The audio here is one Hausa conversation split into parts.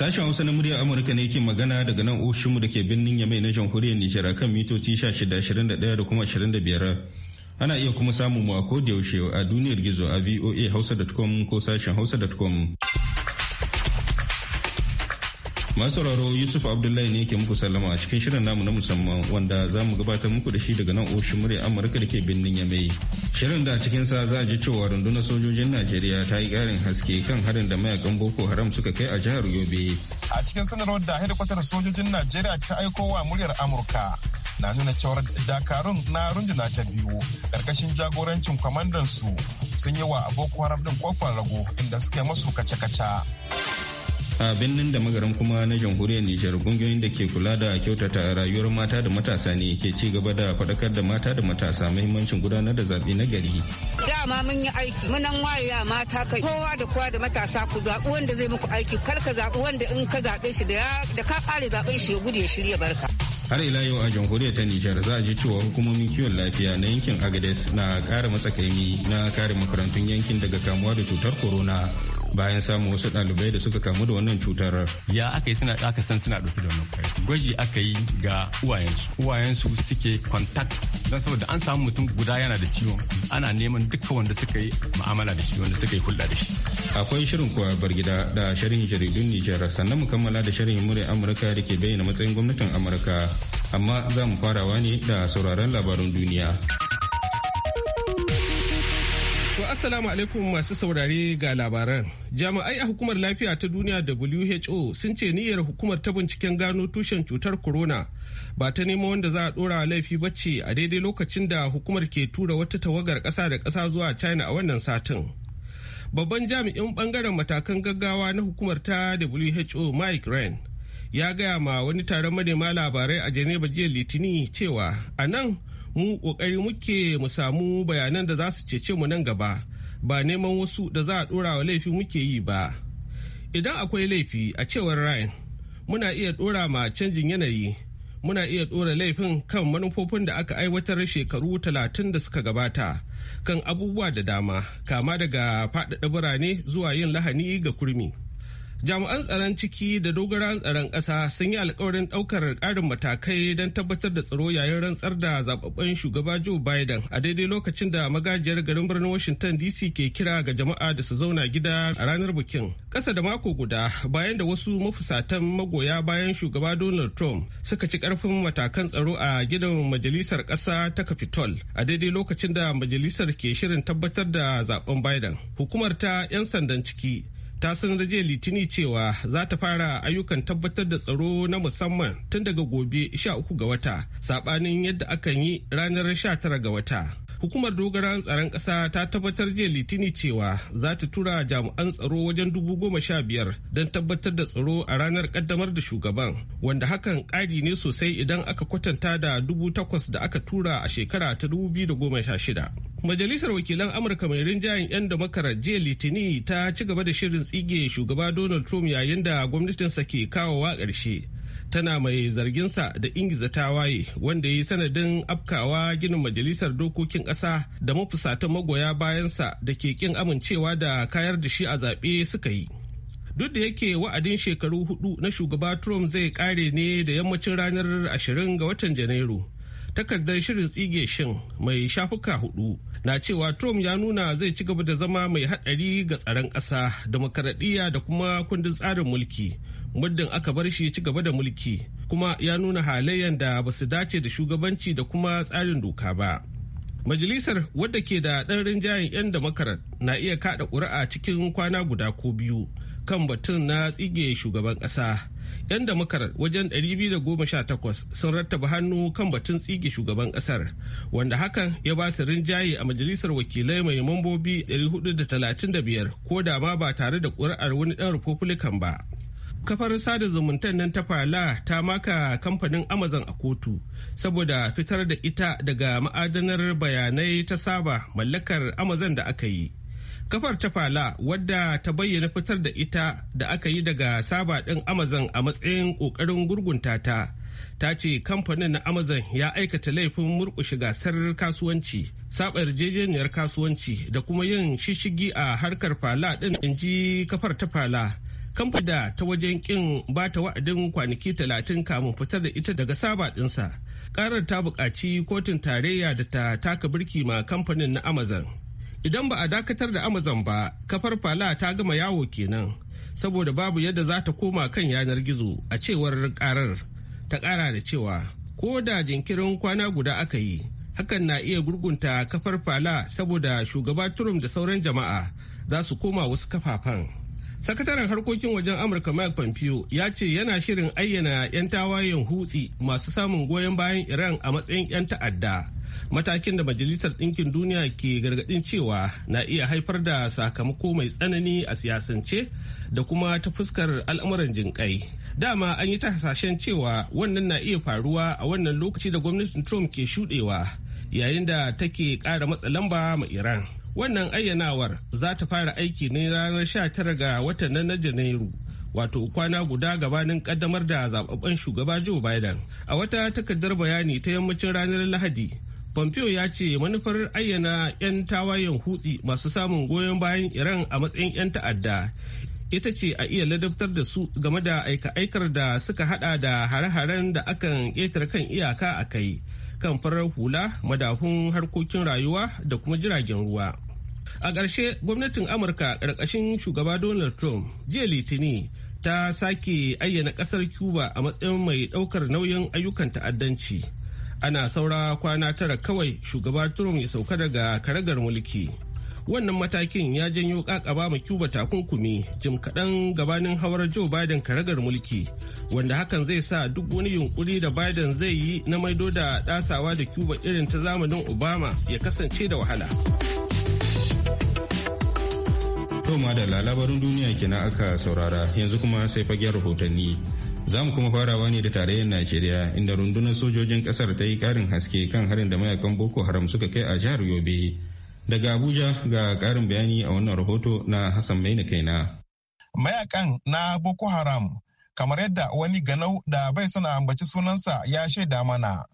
Sashen Hausa na muryar Amurka ne ke magana daga nan ofishinmu da ke birnin Yamai na jamhuriyar Nijar akan mitoci 1621 da kuma 25. Ana iya kuma samun mu a yaushe a duniyar gizo a voa hausa.com ko sashen hausa.com. masu masauraro yusuf abdullahi ne ke muku sallama a cikin shirin namu na musamman wanda za mu gabatar muku da shi daga nan oshin murya amurka da ke birnin yamai shirin da a sa za a ji cewa rundunar sojojin najeriya ta yi karin haske kan harin da mayakan boko haram suka kai a jihar yobe a cikin sanarwar da hedikwatar sojojin najeriya ta aiko wa muryar amurka na nuna cewar dakarun na runduna ta biyu karkashin jagorancin kwamandansu sun yi wa boko haram din kofar rago inda suka yi masu kace-kace a birnin da magaran kuma na jamhuriyar nijar kungiyoyin da ke kula da kyautata rayuwar mata da matasa ne ke ci gaba da faɗakar da mata da matasa muhimmancin gudanar da zaɓe na gari dama mun yi aiki munan waye ya mata kai kowa da kowa da matasa ku zaɓi wanda zai muku aiki kar ka zaɓi wanda in ka zaɓe shi da ka ƙare zaɓen shi ya gudu ya shirya barka har ila yau a jamhuriyar ta nijar za a ji cewa hukumomin kiwon lafiya na yankin agades na kara matsakaimi na kare makarantun yankin daga kamuwa da cutar corona bayan samun wasu ɗalibai da suka kamu da wannan cutar. Ya aka yi suna aka san suna ɗauke da wannan Gwaji aka yi ga uwayensu. Uwayensu suke contact don saboda an samu mutum guda yana da ciwon ana neman duka wanda suka yi mu'amala da shi wanda suka yi hulɗa da shi. Akwai shirin kuwa gida da shirin jaridun Nijar sannan mu kammala da shirin murya Amurka da ke bayyana matsayin gwamnatin Amurka amma za mu farawa ne da sauraron labarun duniya. assalamu alaikum masu saurare ga labaran. Jami'ai a hukumar lafiya ta duniya WHO sun ce niyyar hukumar ta binciken gano tushen cutar corona ba ta nemo wanda za a dora laifi bacci a daidai lokacin da hukumar ke tura wata tawagar ƙasa da kasa zuwa China a wannan satin. Babban jami'in bangaren matakan gaggawa na hukumar ta WHO Mike Ryan ya gaya ma wani taron manema labarai a Geneva jiya Litini cewa a nan mu ƙoƙari muke mu samu bayanan da za su cece mu nan gaba ba neman wasu da za a dora wa laifi muke yi ba idan akwai laifi a cewar ryan muna iya dora ma canjin yanayi muna iya dora laifin kan manufofin da aka aiwatar shekaru talatin da suka gabata kan abubuwa da dama kama daga faɗaɗa birane zuwa yin lahani ga kurmi jami'an tsaron ciki da dogara tsaron ƙasa sun yi alkawarin ɗaukar ƙarin matakai don tabbatar da tsaro yayin rantsar da zababben shugaba joe biden a daidai lokacin da magajiyar garin birnin washington dc ke kira ga jama'a da su zauna gida a ranar bikin ƙasa da mako guda bayan da wasu mafusatan magoya bayan shugaba donald trump suka ci ƙarfin matakan tsaro a gidan majalisar ƙasa ta capitol a daidai lokacin da majalisar ke shirin tabbatar da zaben biden hukumar ta 'yan sandan ciki ta sanar jiya litini cewa za ta fara ayyukan tabbatar da tsaro na musamman tun daga gobe 13 ga wata sabanin yadda akan yi ranar 19 ga wata hukumar dogaran tsaron ƙasa ta tabbatar jiya litini cewa za ta tura jami'an tsaro wajen dubu goma sha biyar don tabbatar da tsaro a ranar kaddamar da shugaban wanda hakan ƙari ne sosai idan aka kwatanta da dubu takwas da aka tura a shekara ta dubu biyu da goma sha shida. Majalisar Wakilan Amurka mai rinjayen 'yan damakarar jiya Litini ta ci gaba da shirin tsige shugaba Donald Trump yayin da gwamnatinsa ke kawowa ƙarshe. tana mai zarginsa da ingiza tawaye wanda ya yi sanadin afkawa ginin majalisar dokokin ƙasa da mafusata magoya bayansa da ke kin amincewa da kayar da shi a zaɓe suka yi duk da yake wa'adin shekaru hudu na shugaba trump zai kare ne da yammacin ranar 20 ga watan janairu takardar shirin tsige shin mai shafuka hudu na cewa trump ya nuna zai ci gaba da zama mai haɗari ga tsaron ƙasa da da kuma kundin tsarin mulki muddin aka bar shi ci gaba da mulki kuma ya nuna halayen da ba su dace da shugabanci da kuma tsarin doka ba majalisar wadda ke da ɗan rinjayen 'yan damakarat na iya kaɗa ƙuri'a cikin kwana guda ko biyu kan batun na tsige shugaban ƙasa 'yan damakarat wajen 218 sun rattaba hannu kan batun tsige shugaban ƙasar wanda hakan ya ba su rinjaye a majalisar wakilai mai mambobi 435 ko da ma ba tare da ƙuri'ar wani ɗan republican ba kafar sada zumuntar nan ta fala ta maka kamfanin amazon a kotu saboda fitar da ita daga ma'adanar bayanai ta saba mallakar amazon da aka yi kafar ta fala wadda ta bayyana fitar da ita da aka yi daga saba ɗin amazon a matsayin ƙoƙarin gurgunta ta ta ce kamfanin na amazon ya aikata laifin murƙushe gasar kasuwanci saba yarjejeniyar kasuwanci da kuma yin shishigi a harkar fala ɗin in ji kafar ta fala da ta wajen kin ba ta wa'adin kwanaki talatin kamun fitar da ita daga saba dinsa karar ta buƙaci kotun tarayya da ta taka birki ma kamfanin na amazon idan ba a dakatar da amazon ba kafar fala ta gama yawo kenan saboda babu yadda za ta koma kan yanar gizo a cewar karar ta ƙara da cewa ko da jinkirin kwana guda aka yi hakan na iya gurgunta kafar fala saboda shugaba turum da sauran jama'a za su koma wasu kafafen. sakataren harkokin wajen amurka mike pompeo ya ce yana shirin ayyana 'yan tawayen hutsi masu samun goyon bayan iran a matsayin 'yan ta'adda matakin da majalisar ɗinkin duniya ke gargaɗin cewa na iya haifar da sakamako mai tsanani a siyasance da kuma ta fuskar al'amuran jinƙai dama an yi ta hasashen cewa wannan na iya faruwa a wannan lokaci da gwamnatin trump ke shuɗewa yayin da take ƙara matsa lamba ma iran Wannan ayyanawar za ta fara aiki ne ranar 19 ga watan na Janairu. wato kwana guda gabanin kaddamar da zababben shugaba Joe Biden. A wata takardar bayani ta yammacin ranar Lahadi, Pompeo ya ce manufar ayyana 'yan tawayen hutsi masu samun goyon bayan Iran a matsayin 'yan ta'adda ita ce a iya ladabtar da su game da aika-aikar da suka hada da hare-haren da akan ƙetare kan iyaka a kai kan farar hula madafun harkokin rayuwa da kuma jiragen ruwa a ƙarshe gwamnatin amurka ƙarƙashin shugaba donald trump jiya litini ta sake ayyana ƙasar cuba a matsayin mai ɗaukar nauyin ayyukan ta'addanci ana saura kwana tara kawai shugaba trump ya sauka daga karagar mulki wannan matakin ya janyo kakaba ma cuba takunkumi jim kaɗan gabanin hawar joe biden karagar mulki wanda hakan zai sa duk wani yunkuri da biden zai yi na maido da ɗasawa da cuba irin ta zamanin obama ya kasance da wahala Toma da labarin duniya kenan aka saurara yanzu kuma sai fagen rahotanni za mu kuma farawa ne da tarayyar najeriya inda rundunar sojojin kasar ta yi karin haske kan harin da mayakan boko haram suka kai a jihar yobe Daga Abuja ga ƙarin bayani a wannan rahoto na Hassan Maina kaina. Mayakan na Boko Haram kamar yadda wani ganau da bai suna ambaci sunansa ya shaida mana.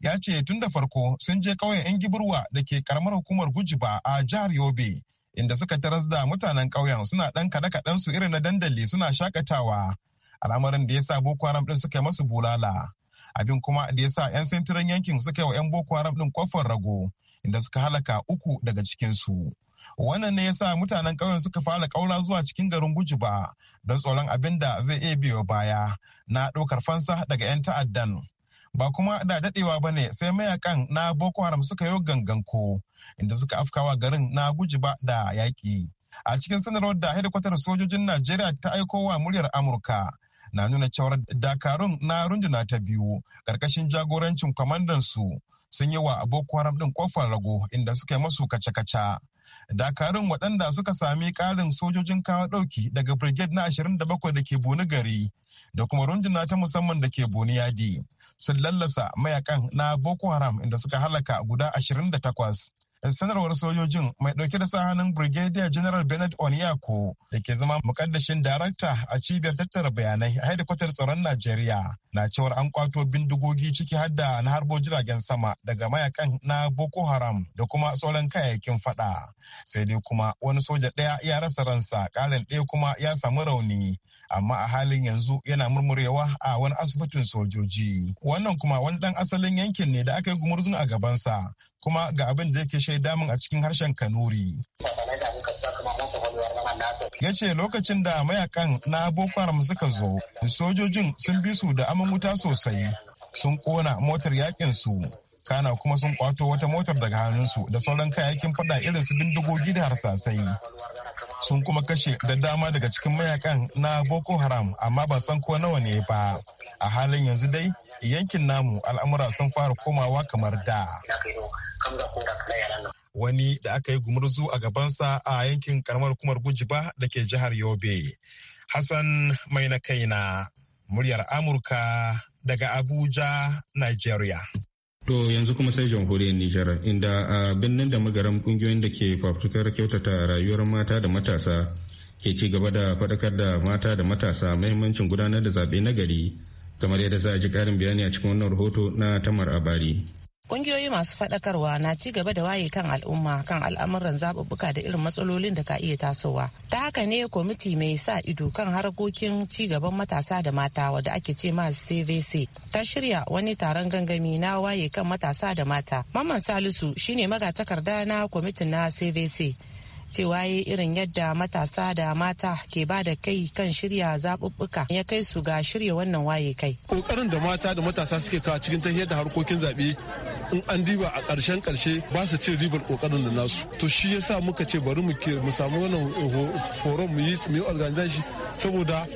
Ya ce tun da farko sun je ƙauyen 'yan giburwa da ke karamar hukumar Gujiba a jihar Yobe. Inda suka taras da mutanen ƙauyen suna ɗan kaɗe-kaɗen su irin na dandali suna shakatawa. Al'amarin da ya sa Boko Haram ɗin suka yi masu bulala. Abin kuma da ya sa 'yan sintirin yankin suka yi wa 'yan Boko Haram ɗin kofar rago. inda suka halaka uku daga cikinsu. Wannan ne yasa mutanen ƙauyen suka fara ƙaura zuwa cikin garin Gujiba don tsoron abin da zai iya biyo baya na ɗaukar fansa daga 'yan ta'addan. Ba kuma da daɗewa ba ne sai mayakan na Boko Haram suka yi ganganko inda suka afkawa garin na Gujiba da yaƙi. A cikin sanarwar da hedikwatar sojojin Najeriya ta aiko wa muryar Amurka na nuna cewar dakarun na runduna ta biyu ƙarƙashin jagorancin kwamandansu sun yi wa Boko Haram ɗin kofar rago inda suka yi masu kace-kace. Dakarun waɗanda suka sami ƙarin sojojin kawo ɗauki daga Brigade na 27 da ke Boni gari da kuma runduna ta musamman da ke Boni yadi sun lallasa mayakan na Boko Haram inda suka halaka guda 28 sanarwar sojojin mai dauke da sahanin brigadier general bernard onyako da ke zama mukaddashin darakta a cibiyar tattara bayanai a hedikwatar tsaron najeriya na cewar an kwato bindigogi ciki har da na harbo jiragen sama daga mayakan na boko haram da kuma sauran kayayyakin fada sai dai kuma wani soja ɗaya ya rasa ransa karin ɗaya kuma ya samu rauni amma a halin yanzu yana murmurewa a wani asibitin sojoji wannan kuma wani dan asalin yankin ne da aka yi gumurzun a gabansa kuma ga abin da yake shaida min a cikin harshen kanuri ya ce lokacin da mayakan na boko haram suka zo sojojin sun bi su da aman wuta sosai sun kona motar yakin su kana kuma sun kwato wata motar daga hannunsu da sauran kayayyakin fada irin su bindigogi da harsasai sun kuma kashe da dama daga cikin mayakan na boko haram amma ba san ko nawa ne ba a halin yanzu dai yankin namu al'amura sun fara komawa kamar da wani da aka yi gumurzu a gabansa a yankin karamar hukumar gujiba da ke jihar yobe hassan mai na kai na muryar amurka daga abuja nigeria To yanzu kuma sai jamhuriyar Nijar inda a birnin da magaram kungiyoyin da ke fafutukar kyautata rayuwar mata da matasa ke ci gaba da faɗakar da mata da matasa mahimmancin gudanar da zaɓe na gari kamar yadda za a ji ƙarin bayani a cikin wannan rahoto na tamar abari. Kungiyoyi masu faɗakarwa na ci gaba da waye kan al'umma kan al'amuran zaɓuɓɓuka da irin matsalolin da ka iya tasowa. Ta haka ne kwamiti mai sa ido kan harkokin ci gaban matasa da mata wadda ake ce ma CVC ta shirya wani taron gangami na waye kan matasa da mata. Mamman Salisu shine magatakarda na kwamitin na CVC. cewa yi irin yadda matasa da mata ke ba da kai kan shirya zaɓuɓɓuka ya kai su ga shirya wannan waye kai. Ƙoƙarin da mata da matasa suke kawo cikin ta da harkokin zaɓe in an diba a ƙarshen ƙarshe ba su ce ribar ƙoƙarin da nasu to shi ya sa muka ce bari mu samu wannan horon mu yi organizan shi saboda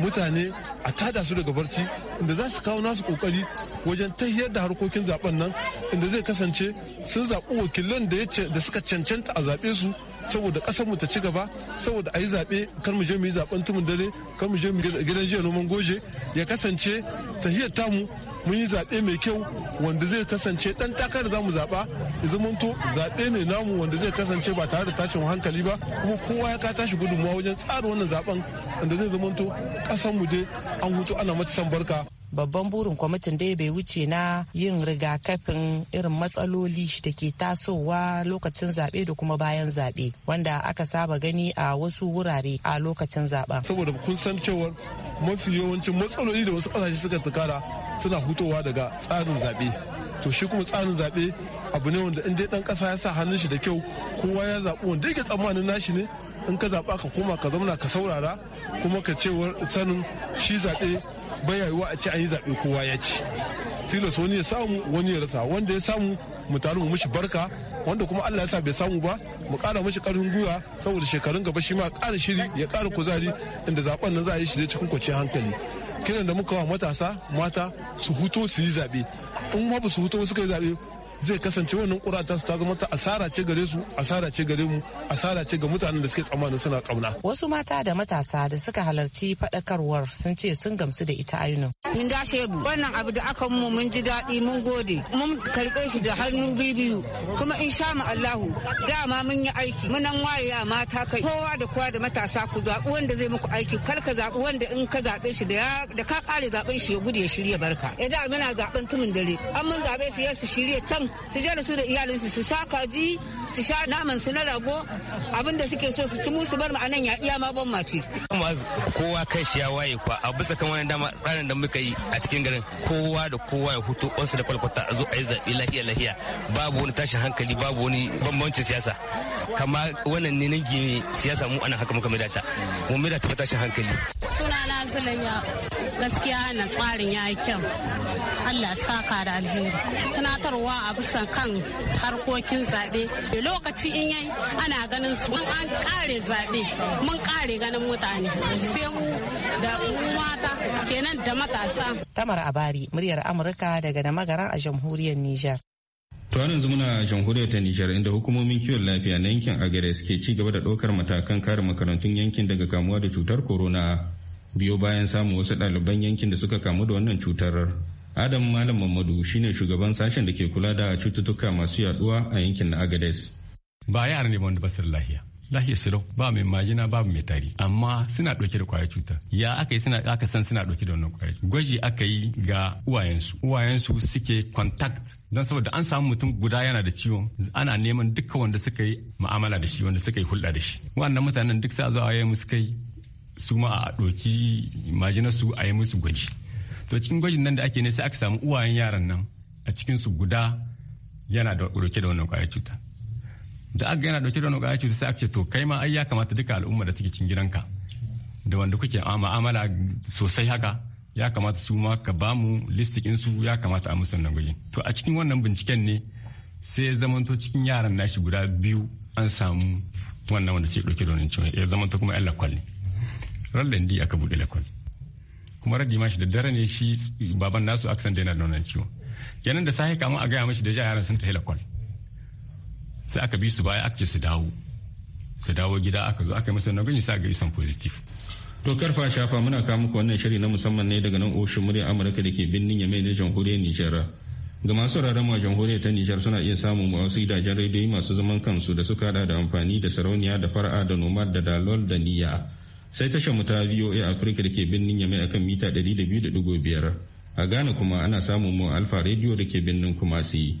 mutane a tada su daga barci inda za su kawo nasu ƙoƙari wajen tahiyar da harkokin zaben nan inda zai kasance sun zaɓi wakilan da suka cancanta a zaɓe su saboda ƙasar mu ta ci gaba saboda a yi zaɓe kar mu je mu yi zaɓen tumun dare kar mu je mu gidan jiya noman goje ya kasance tahiyar mu. mun yi zaɓe mai kyau wanda zai kasance ɗan takarar za mu zaɓa mun zamanto zaɓe ne namu wanda zai kasance ba tare da tashin hankali ba kuma kowa ya ka tashi gudunmawa wajen tsara wannan zaɓen wanda zai zamanto ƙasar mu dai an hutu ana mata san barka. babban burin kwamitin dai bai wuce na yin rigakafin irin matsaloli da ke tasowa lokacin zaɓe da kuma bayan zaɓe wanda aka saba gani a wasu wurare a lokacin zaɓen. saboda kun san cewar mafi yawancin matsaloli da wasu ƙasashe suka tukara suna hutowa daga tsarin zaɓe to shi kuma tsarin zaɓe abu ne wanda in dai ɗan ƙasa ya sa hannun shi da kyau kowa ya zaɓi wanda yake tsammanin nashi ne in ka zaɓa ka koma ka zauna ka saurara kuma ka cewar sanin shi zaɓe bai yayuwa a ce an yi zaɓe kowa ya ci tilas wani ya samu wani ya rasa wanda ya samu mu taru mu mishi barka wanda kuma Allah ya sa bai samu ba mu kara mishi karfin gwiwa saboda shekarun gaba shi ma kara shiri ya kara kuzari inda zaɓen nan za a yi shi cikin kwanciyar hankali kiran da muka wa matasa mata su huto su yi zaɓe in ma ba su hutu ba suka yi zaɓe zai kasance wannan ƙura su ta zama ta asara ce gare su asara ce gare mu asara ce ga mutanen da suke tsammanin suna kauna wasu mata da matasa da suka halarci fadakarwar sun ce sun gamsu da ita ainihin mun da shebu wannan abu da aka mu mun ji daɗi mun gode mun karɓe shi da hannu bibiyu kuma in sha mu Allahu dama mun yi aiki munan waye mata kai kowa da kowa da matasa ku zaɓi wanda zai muku aiki kar ka zaɓi wanda in ka zaɓe shi da ka ƙare zaɓen shi ya gudu ya shirya barka idan eh, muna zaɓen tumin dare an mun zaɓe su ya shirya can su je da su da iyalinsu su sha kaji su sha naman su na rago abin da suke so su ci musu bar a nan ya iya ma ban mace. kowa kai shi ya waye kwa a bisa kan wani dama tsarin da muka yi a cikin garin kowa da kowa ya hutu kwansu da kwalkwata a zo a yi zaɓe lahiya lahiya babu wani tashin hankali babu wani bambancin siyasa kama wannan ne nan gini siyasa mu ana haka muka mai data mu mai data tashin hankali. sunana zulaiya gaskiya na tsarin ya yi kyau Allah saka da alheri tunatarwa a bisa kan harkokin zaɓe lokaci in yayi ana ganin su mun an kare zaɓe mun kare ganin mutane sai mu da mata kenan da matasa. Tamar Abari muryar Amurka daga da magaran a jamhuriyar Nijar. To yanzu muna jamhuriyar ta Nijar inda hukumomin kiwon lafiya na yankin agare suke ci gaba da ɗaukar matakan kare makarantun yankin daga kamuwa da cutar corona biyo bayan samun wasu ɗaliban yankin da suka kamu da wannan cutar. adam malam mamadu shine shugaban sashen da ke kula da cututtuka masu yaduwa a yankin na agades ba yara ne wanda basir lahiya lahiya su ba mai majina ba mai tari amma suna ɗauke da kwayar cutar ya aka yi suna aka san suna ɗauke da wannan kwayar gwaji aka yi ga uwayensu uwayensu suke contact don saboda an samu mutum guda yana da ciwon ana neman duka wanda suka yi mu'amala da shi wanda suka yi hulɗa da shi wannan mutanen duk sa zuwa yayin musu kai su ma a ɗauki majinarsu a yi musu gwaji to cikin gwajin nan da ake ne sai aka samu uwayen yaran nan a cikin su guda yana da dauke da wannan kwayar cuta da aka yana dauke da wannan kwayar cuta sai aka ce to kai ma ai ya kamata duka al'umma da take cikin gidanka da wanda kuke mu'amala sosai haka ya kamata su ma ka ba mu listikin su ya kamata a musu wannan gwajin to a cikin wannan binciken ne sai ya zamanto cikin yaran nashi guda biyu an samu wannan wanda ke dauke da wannan ciwon ya zamanto kuma yan lakwali rallan di aka buɗe lakwali. kuma rage mashi da dare ne shi baban nasu aka san da yana da wannan ciwon kenan da sahi kama a gaya mashi da ja yaran sun tafi lakwal sai aka bi su baya aka ce su dawo su dawo gida aka zo aka yi masa na gani sa ga isan positive to karfa shafa muna kawo muku wannan shiri na musamman ne daga nan oshin murya amurka da ke birnin yamai na jamhuriyar nijar ga masu rarar ma jamhuriyar ta nijar suna iya samun wasu gidajen rediyoyi masu zaman kansu da suka hada da amfani da sarauniya da fara'a da nomad da dalol da niyya sai tashar mu ta voa afirka da ke birnin yamai akan mita 200.5 a ghana kuma ana samun mu alfa radio da ke birnin kumasi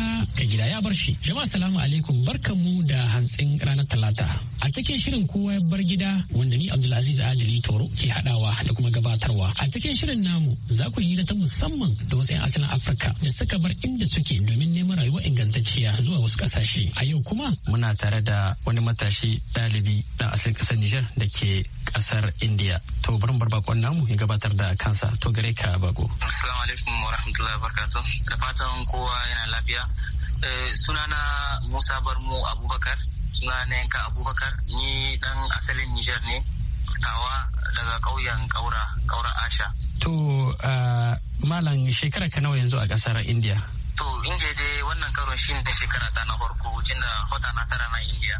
gida ya bar shi. Jama'a salamu alaikum barkanmu da hantsin ranar talata. A cikin shirin kowa ya bar gida wanda ni Abdulaziz Adili Toro ke hadawa da kuma gabatarwa. A cikin shirin namu za ku hira ta musamman da wasu 'yan asalin Afirka da suka bar inda suke domin neman rayuwa ingantacciya zuwa wasu kasashe. A yau kuma muna tare da wani matashi dalibi na asalin kasar Nijar da ke kasar India. To bari bar bakon namu ya gabatar da kansa to gare ka bako. Assalamu alaikum wa rahmatullahi wa barakatuh. Da fatan kowa yana lafiya. Eh, sunana Musa Barmu Abubakar, sunana yanka Abubakar, ni dan asalin Nijar ne, tawa daga ƙauyen Kaura Kaura Asha. To, Malam shekara ka nawa yanzu a ƙasar India? To, India dai wannan karon shi ne shekara ta na farko, tunda hota na tara na India.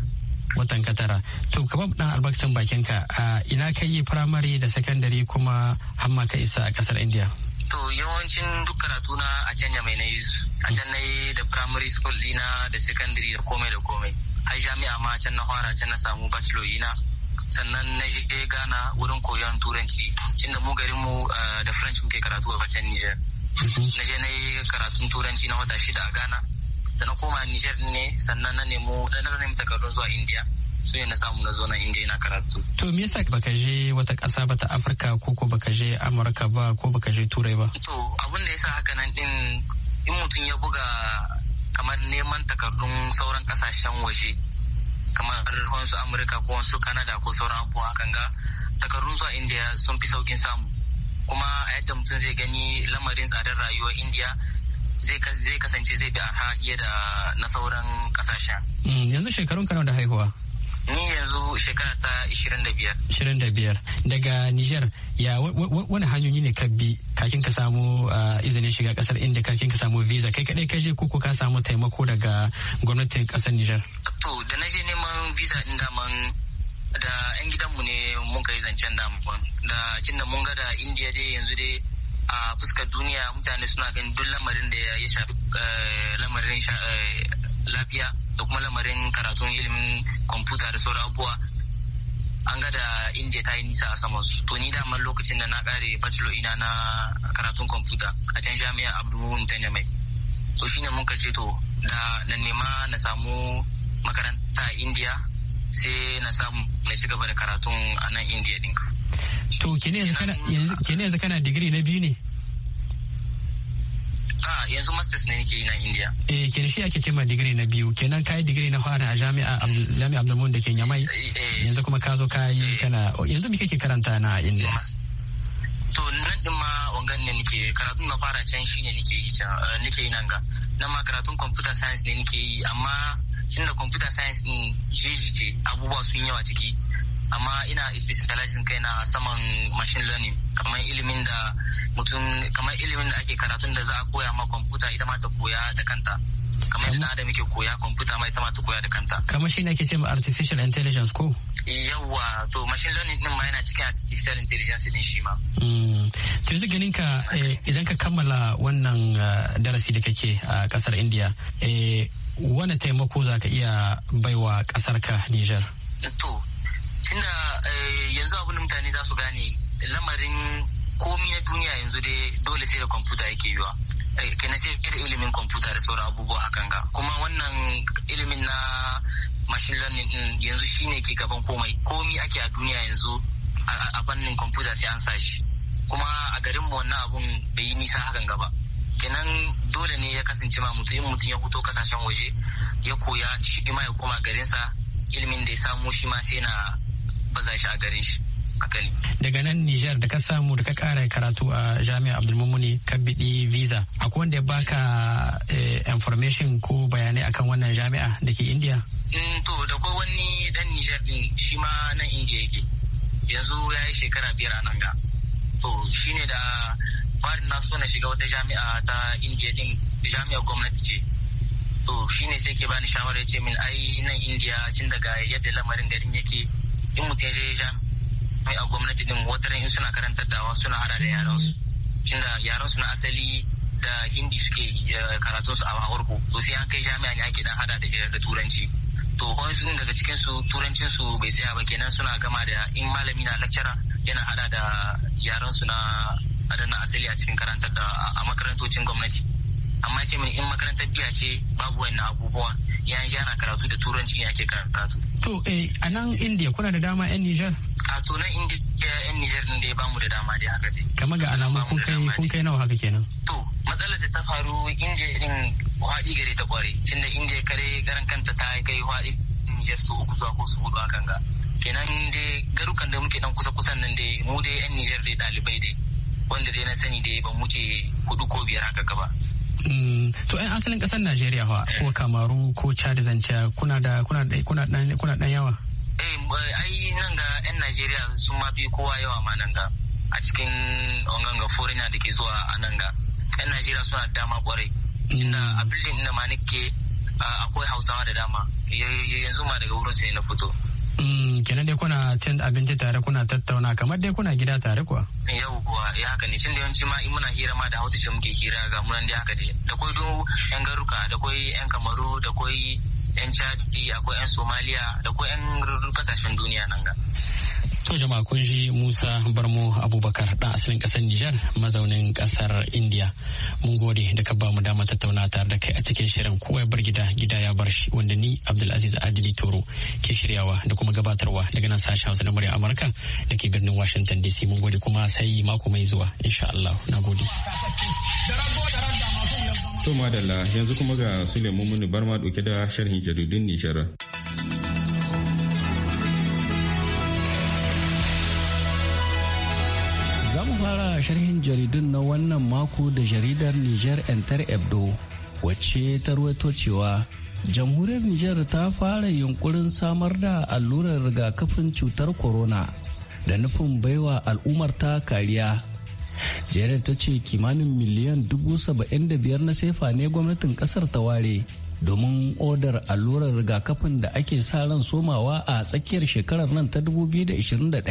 Watan ka tara. To, ka babu ɗan albarkacin bakinka, ina ka yi firamare da sakandare kuma hamma ka isa a ƙasar India? To yawancin duk karatu na a can mai na yuzu a can na yi da primary school dina da secondary da komai da komai. Har jami'a ma can na fara can na samu bachelor na sannan na yi gana wurin koyon turanci tunda mu garin mu eh, da French muke karatu a can Niger. Na je na yi karatun turanci na wata shida a gana Da na koma Niger ne sannan na nemo na nemi takardun zuwa India. su ne na samu na zo nan inda yana karatu. To me yasa baka je wata ƙasa ba ta Afirka ko ko baka je Amurka ba ko baka je Turai ba? To abin da yasa haka nan din in mutum ya buga kamar neman takardun sauran kasashen waje kamar wasu Amurka ko wasu Kanada ko sauran abubuwa hakan ga takardun zuwa Indiya sun fi saukin samu. kuma a yadda mutum zai gani lamarin tsadar rayuwar indiya zai kasance zai bi arha fiye da na sauran kasashen. Mm, yanzu shekarun kanau da haihuwa ni yanzu shekara ta 25 25 daga Niger ya wani hanyoyi ne ka bi kakin ka samu ah, izinin shiga kasar inda kakin ka samu visa kai kadai ka je koko ka samu taimako daga gwamnatin kasar Niger to da na je neman visa din daman da yan gidanmu ne mun kai zancen damuwan da kin da mun ga da indiya dai yanzu dai a fuskar duniya mutane suna ganin duk lamarin da ya shafi eh, lamarin eh, lafiya da kuma lamarin karatun ilimin kwamfuta da sauran abubuwa an ga da inda ta yi nisa a saman su to ni daman lokacin da na kare bachelor ina na karatun kwamfuta a can jami'a abdulmuhun ta mai to shine mun ce to da na nema na samu makaranta a indiya sai na samu na ci gaba da karatun a nan indiya din to yanzu kana digiri na biyu ne a ah, yanzu masters ne nake yi na india eh kenan shi ake cewa digiri na biyu kenan kai digiri na fara a jami'a jami'a abdulmumin da ke nyamai eh, eh. yanzu kuma ka zo ka yi eh. kana oh, yanzu me kake karanta na india to nan din ma wangan ne nake karatun na fara can shine nake yi nake yi nan ga nan ma karatun computer science ne nake yi amma tunda computer science din jeji ce abubuwa sun yawa ciki amma ina specializing kaina saman machine learning kamar ilimin da mutum kamar ilimin da ake karatun da za a koya ma kwamfuta ita ma ta koya da kanta kamar yadda da muke koya kwamfuta ma ita ma ta koya da kanta kamar shi ne ake ce artificial intelligence ko yawwa to machine learning din ma yana cikin artificial intelligence din shi ma hmm. to yanzu ganin ka eh, idan ka kammala wannan eh, darasi da kake a kasar India eh, wani taimako za ka iya baiwa kasar ka Niger to tunda eh, yanzu abin da mutane za su gane lamarin komi na duniya yanzu dai dole sai da kwamfuta yake yiwa eh, na sai da ilimin kwamfuta da sauran abubuwa hakan ga kuma wannan ilimin na machine learning din yanzu shine ke gaban komai komi ake a duniya yanzu a fannin kwamfuta sai an sa shi kuma a garin mu wannan abun bai yi nisa hakan gaba kenan dole ne ya kasance ma mutum in mutum ya fito kasashen waje ya koya shi ma ya koma garinsa ilimin da ya samu shi ma sai na baza shi a garin shi akali. Daga nan Nijar da ka samu da ka kara karatu a Jami'a Abdulmumuni ka biɗi visa. Akwai wanda ya baka eh, information ko bayanai akan wannan jami'a da ke India? Mm, to da ko wani dan Nijar din shi ma nan India yake. Yanzu ya yi shekara biyar a nan ga. To shine da farin na so na shiga wata jami'a ta India din jami'ar gwamnati ce. To shine sai ke bani shawara ya ce min ai nan indiya cin daga yadda lamarin garin yake in mutum ya je a gwamnati din watarin in suna karantar da wasu suna hada da yaran su tunda yaran su na asali da hindi suke eh, karatu su a warko to sai an kai jami'a ne ake dan hada da eh, turanci to wasu daga cikin su turancin su bai tsaya ba kenan suna gama da in malami na lacara yana hada da yaran su na adana asali a cikin karantar da a makarantocin gwamnati amma ce mini in makarantar biya ce babu wannan abubuwa ya yi yana karatu da turanci ne ake karatu. To eh a nan India kuna da dama yan Nijar? A to nan India yan Nijar ne ba mu da dama dai haka dai. Kamar ga alamu kun kai kun kai nawa haka kenan. To matsalar da ta faru India din haɗi gare ta kware da India kare garan kanta ta kai haɗi Nijar su uku zuwa ko su hudu hakan ga. Kenan dai garukan da muke dan kusa kusan nan dai mu dai yan Nijar dai ɗalibai dai wanda dai na sani dai ban wuce hudu ko biyar haka gaba. Mm, to yan eh, asalin kasar Najeriya fa ko Kamaru ko Chad zance kuna da kuna da kuna dan kuna da yawa eh ai nan ga yan Najeriya sun ma fi kowa yawa ma nan ga a cikin onganga foreigner da ke zuwa a nan ga yan Najeriya suna da dama kwarai tunda mm. a building da ma nake akwai Hausawa da dama yanzu ma daga wurin sai na fito Mm, kenan dai kuna cin abinci tare kuna tattauna kamar dai kuna gida tare kuwa yau kuwa ya haka ne cin da yawanci ma in muna hira ma da hausa ce muke hira ga munan dai haka dai da kwai yan garuka da kwai yan kamaru da kwai 'yan chadi akwai 'yan somaliya da kuma 'yan kasashen duniya nan ga To jama'a kun ji Musa Barmo Abubakar ɗan asalin ƙasar Nijar mazaunin ƙasar India. Mun gode da ka ba mu tattauna tare da kai a cikin shirin kowa bar gida gida ya bar shi wanda ni Abdulaziz Adili Toro ke shiryawa da kuma gabatarwa daga nan sashen Hausa na murya Amurka da ke birnin Washington DC. Mun gode kuma sai mako mai zuwa insha Allah. Na gode. To madalla yanzu kuma ga mini Muni ma dauke da sharhin jaridun Nishar. zamu fara sharhin jaridun na wannan mako da jaridar Niger Enter Ebdo wacce ta ruwaito cewa jamhuriyar Nijar ta fara yunkurin samar da allurar rigakafin cutar corona da nufin baiwa al'ummar ta kariya jerin ta ce kimanin miliyan dubu saba'in na sefa ne gwamnatin kasar ta ware domin odar allurar rigakafin da ake sa ran somawa a tsakiyar shekarar nan ta 2021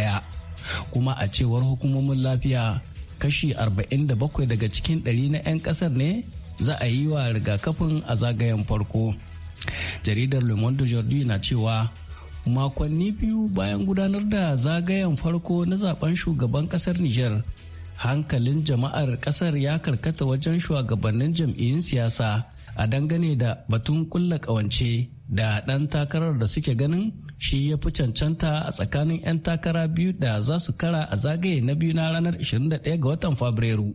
kuma a cewar hukumomin lafiya kashi 47 daga cikin 100 na 'yan kasar ne za a yi wa rigakafin a zagayen farko jaridar le monde aujourd'hui na cewa makonni biyu bayan gudanar da zagayen farko na zaben shugaban kasar niger hankalin jama'ar kasar ya karkata wajen shugabannin jam'iyyun siyasa a dangane da batun kulla kawance da ɗan takarar da suke ganin shi ya fi cancanta a tsakanin 'yan takara biyu da za su kara a zagaye na biyu na ranar 21 ga watan fabrairu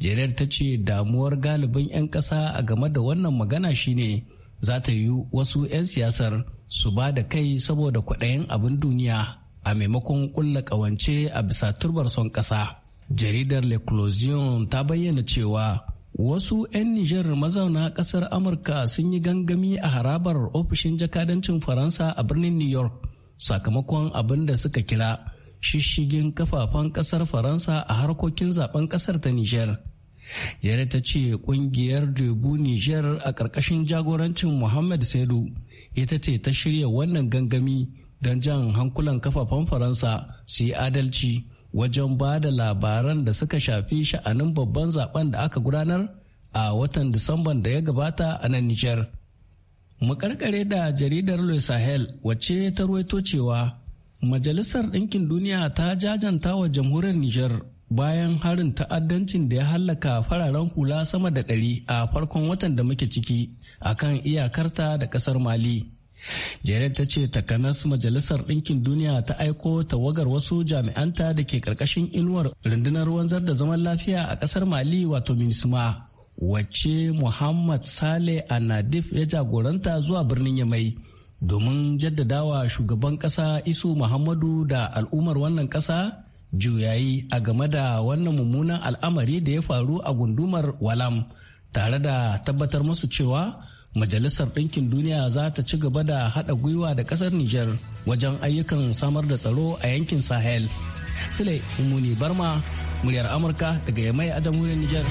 jerry ta ce damuwar galibin 'yan ƙasa a game da wannan magana shine za ta yi wasu 'yan siyasar su ba da kai saboda kwaɗayin abin duniya a maimakon ƙulla ƙawance a bisa turbar son ƙasa jaridar l'eclosion ta bayyana cewa wasu 'yan nijar mazauna kasar amurka sun yi gangami a harabar ofishin jakadancin faransa a birnin new york sakamakon abin da suka kira shishigin kafafen kasar faransa a harkokin zaben kasar ta nijar jere ta ce kungiyar dubu nijar a ƙarƙashin jagorancin muhammad saidu ita ce ta shirya wannan gangami don jan hankulan kafafen faransa su yi adalci wajen ba da labaran da suka shafi sha'anin babban zaben da aka gudanar a watan Disamban da ya gabata a nan Nijar. Makarkare da jaridar Louis Sahel wacce ta ruwaito cewa Majalisar Ɗinkin Duniya ta jajanta wa jamhuriyar Nijar bayan harin ta'addancin da ya hallaka fararen hula sama da ɗari a farkon watan da muke ciki akan iyakarta da ƙasar Mali. jeren ta ce takanas majalisar ɗinkin duniya ta aiko tawagar wasu jami'anta da ke ƙarƙashin inuwar rundunar ruwan da zaman lafiya a ƙasar mali wato minisma wacce muhammad a nadif ya jagoranta zuwa birnin yamai domin jaddadawa shugaban ƙasa isu muhammadu da al'ummar wannan ƙasa juyayi a game da wannan mummunan al'amari da ya faru a gundumar walam tare da tabbatar musu cewa Majalisar Ɗinkin Duniya za ta ci gaba da haɗa gwiwa da kasar Nijar wajen ayyukan samar da tsaro a yankin Sahel. Sule Umuni Barma, muryar Amurka daga Yamai a jamhuriyar Nijar.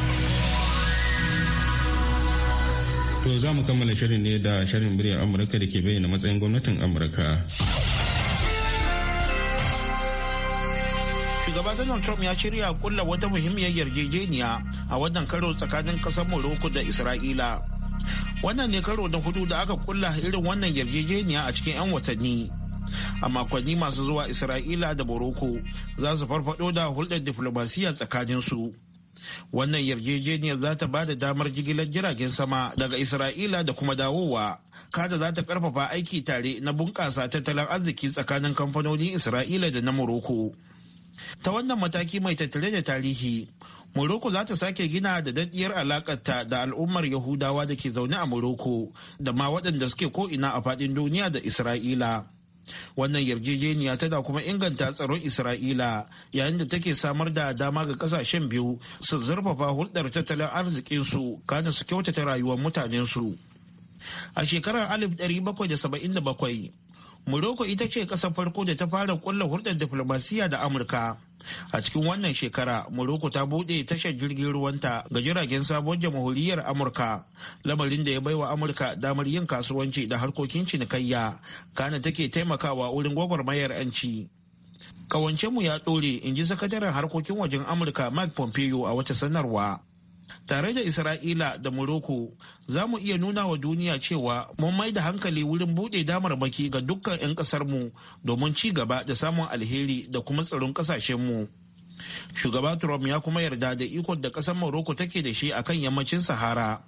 To za mu kammala shirin ne da shirin muryar Amurka da ke bayyana matsayin gwamnatin Amurka. shugaba donald trump ya shirya kulla wata muhimmiyar yarjejeniya a wannan karo tsakanin kasar morocco da isra'ila wannan ne karo na hudu da aka kulla irin wannan yarjejeniya a cikin 'yan watanni a makonni masu zuwa isra'ila da boroko za su farfado da hulɗar diflomasiyya su wannan yarjejeniyar za ta ba da damar jigilar jiragen sama daga isra'ila da kuma dawowa kada za ta karfafa aiki tare na bunƙasa tattalin arziki tsakanin kamfanonin isra'ila da na morocco ta wannan mataki mai tattale da tarihi Morocco za ta sake gina da daɗiyar alakarta da al'ummar Yahudawa da ke zaune a Morocco da ma waɗanda suke ko'ina a faɗin duniya da Isra'ila. Wannan yarjejeniya tana kuma inganta tsaron Isra'ila yayin da take samar da dama ga kasashen biyu su zurfafa hulɗar tattalin arzikinsu kana su kyautata rayuwar mutanensu. A shekarar 1777 Morocco ita ce ƙasar farko da ta fara ƙulla hulɗar diflomasiyya da Amurka. A cikin wannan shekara, Morocco ta buɗe tashar jirgin ruwanta ga jiragen sabon jamhuriyar Amurka, lamarin da ya baiwa Amurka damar yin kasuwanci da harkokin cinikayya, kana take taimakawa wurin gwagwarmayar 'yanci. Kawancenmu ya ɗore, in ji sakataren harkokin wajen Amurka Mike Pompeo a wata sanarwa. tare da isra'ila da morocco za mu iya nuna wa duniya cewa mun mai da hankali wurin buɗe damarmaki ga dukkan 'yan ƙasarmu domin ci gaba da samun alheri da kuma tsaron ƙasashenmu shugaba trump ya kuma yarda da ikon da ƙasar morocco take da shi akan yammacin sahara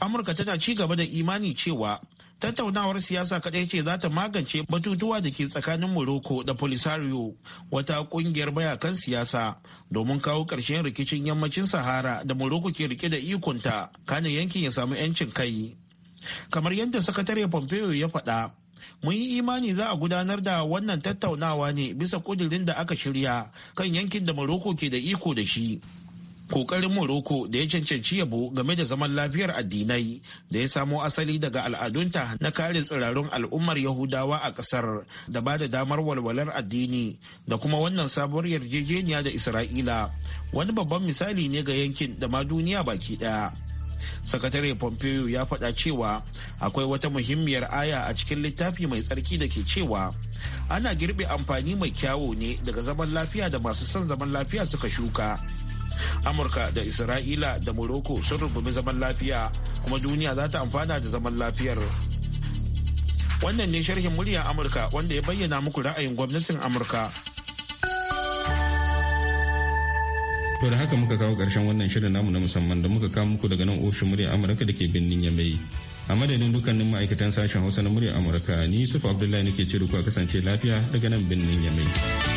amurka tana ci gaba da imani cewa tattaunawar siyasa kadai ce za ta magance batutuwa da ke tsakanin Morocco da Polisario wata kungiyar mayakan siyasa domin kawo ƙarshen rikicin yammacin Sahara da Morocco ke rike da ikonta kana yankin ya samu 'yancin kai. Kamar yadda sakatare Pompeo ya faɗa, mun yi imani za a gudanar da wannan tattaunawa ne bisa kudirin da aka shirya kan yankin da Morocco ke da iko da shi. kokarin Morocco da ya cancanci yabo game da zaman lafiyar addinai da ya samo asali daga al'adunta na kare tsirarun al'ummar Yahudawa a ƙasar da ba da damar walwalar addini da kuma wannan sabuwar yarjejeniya da Isra'ila wani babban misali ne ga yankin da ma duniya baki ɗaya. Sakatare Pompeo ya faɗa cewa akwai wata muhimmiyar aya a cikin littafi mai tsarki da ke cewa ana girbe amfani mai kyawo ne daga zaman lafiya da masu son zaman lafiya suka shuka. amurka da isra'ila da morocco sun rubumi zaman lafiya kuma duniya za ta amfana da zaman lafiyar wannan ne sharhin murya amurka wanda ya bayyana muku ra'ayin gwamnatin amurka to da haka muka kawo karshen wannan shirin namu na musamman da muka kawo muku daga nan ofishin murya amurka da ke birnin yamai a madadin dukkanin ma'aikatan sashen hausa na murya amurka ni yusuf abdullahi nake ce a kasance lafiya daga nan birnin yamai